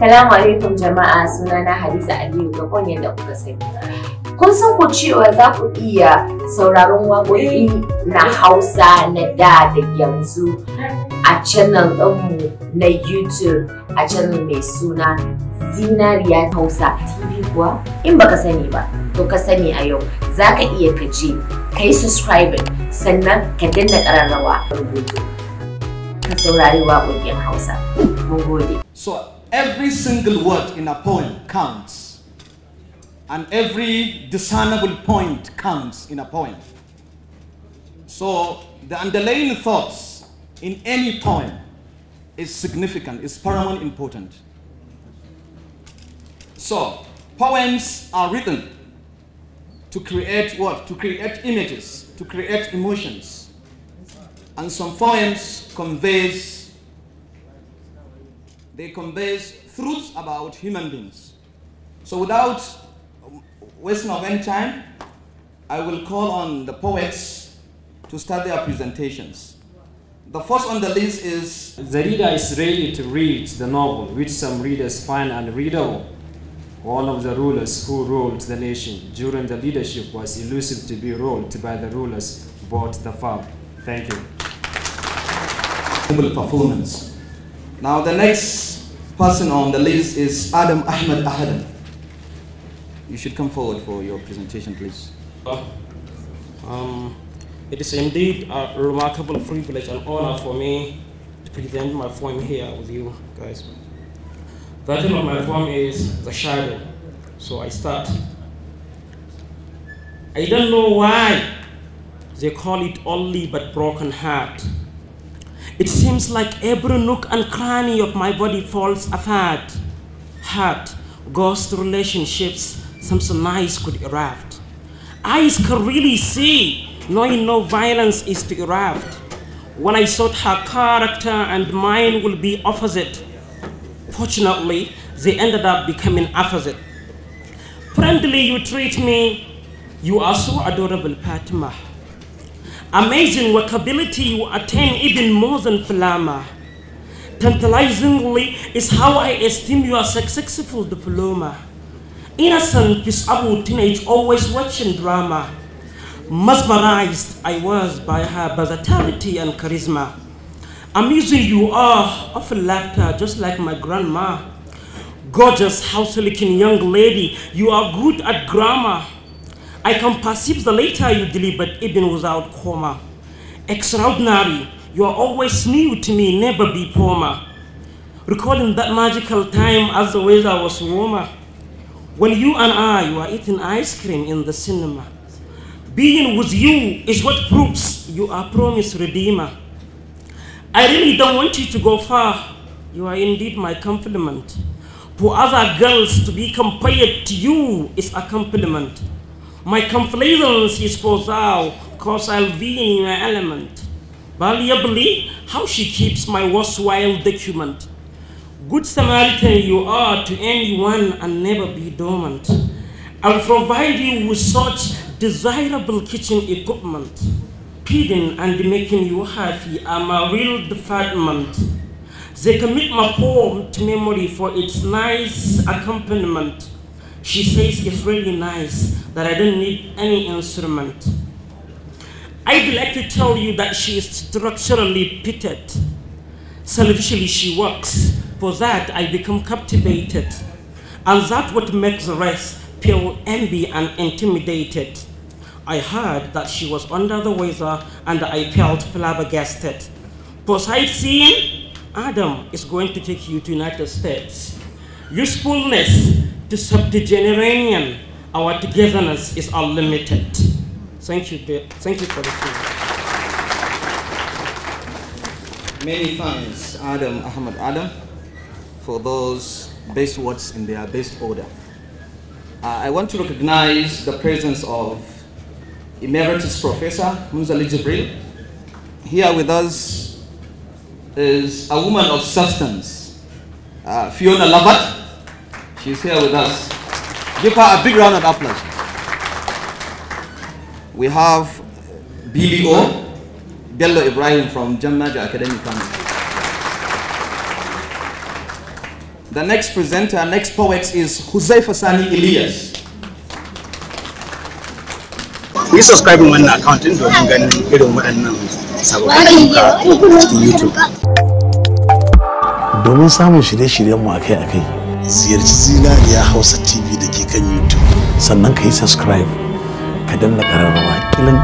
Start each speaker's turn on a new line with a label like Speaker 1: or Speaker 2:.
Speaker 1: Salamu alaikum jama'a na Hadiza Aliyu ga yadda kuka sani.
Speaker 2: Kun san ku cewa za ku iya sauraron waƙoƙi na Hausa na da da yanzu a channel ɗinmu na YouTube a channel mai suna Zinariya Hausa TV kuwa? In baka sani ba, to ka sani a yau za ka iya ka je ka yi subscribing sannan ka danna ƙararrawa rubutu ka saurari waƙoƙin Hausa. Mun gode. Every single word in a poem counts. And every discernible point counts in a poem. So the underlying thoughts in any poem is significant, is paramount important. So poems are written to create what? To create images, to create emotions. And some poems conveys they convey truths about human beings. So without wasting of any time, I will call on the poets to start their presentations. The first on the list is...
Speaker 1: The reader is ready to read the novel, which some readers find unreadable. One of the rulers who ruled the nation during the leadership was elusive to be ruled by the rulers bought the
Speaker 2: farm. Thank you. Performance. Now the next
Speaker 1: person on the list is Adam Ahmed Ahadam. You should
Speaker 2: come forward for your presentation, please.
Speaker 1: Uh, um, it is indeed a remarkable privilege and honor for me to present my poem here with you guys. The title of my poem is The Shadow. So I start. I don't know why they call it only but broken heart. It seems like every nook and cranny of my body falls apart. Heart, ghost relationships, some surprise could erupt. Eyes can really see, knowing no violence is to erupt. When I thought her character and mine would be opposite, fortunately, they ended up becoming opposite. Friendly, you treat me. You are so adorable, Fatima. Amazing workability you attain even more than Falama. Tantalizingly is how I esteem your successful diploma. Innocent peaceable teenage always watching drama. Mesmerized I was by her versatility and charisma. Amusing you are, often laughter just like my grandma. Gorgeous, house-looking young lady, you are good at grammar. I can perceive the letter you delivered even without comma. Extraordinary, you are always new to me, never be former. Recalling that magical time as the weather was warmer, when you and I were eating ice cream in the cinema. Being with you is what proves you are promised redeemer. I really don't want you to go far. You are indeed my compliment. For other girls to be compared to you is a compliment. My complacency is for thou, in your element. Valuably, how she keeps my worthwhile document. Good Samaritan you are to anyone and never be dormant. I'll provide you with such desirable kitchen equipment. Feeding and making you happy are my real department. They commit my poem to memory for its nice accompaniment. She says it's really nice that I don't need any instrument. I'd like to tell you that she is structurally pitted. Selfishly she works. For that, I become captivated. And that what makes the rest feel envy and intimidated. I heard that she was under the weather and I felt flabbergasted. For sightseeing, Adam is going to take you to United States. Usefulness to subdegeneranian, our togetherness is unlimited. Thank you, thank you for the time. Many thanks, Adam Ahmad Adam,
Speaker 2: for those base words in their best order. Uh, I want to recognize the presence of Emeritus Professor Munzali Jibril. Here with us is a woman of substance, uh, Fiona Lovett. She's here with us. Give her a big round of applause. We have Billy O, Bello Ibrahim from Jamnaja Academy Council. The next presenter, next poet is Huzaifa Sani Elias. ku yi subscribe wannan account din domin ganin irin waɗannan sababbin ayyuka cikin YouTube. Domin samun shirye-shiryenmu akai-akai ziyarci zinariya hausa tv da ke kan youtube
Speaker 1: sannan ka yi subscribe ka danna ƙararrawa kilin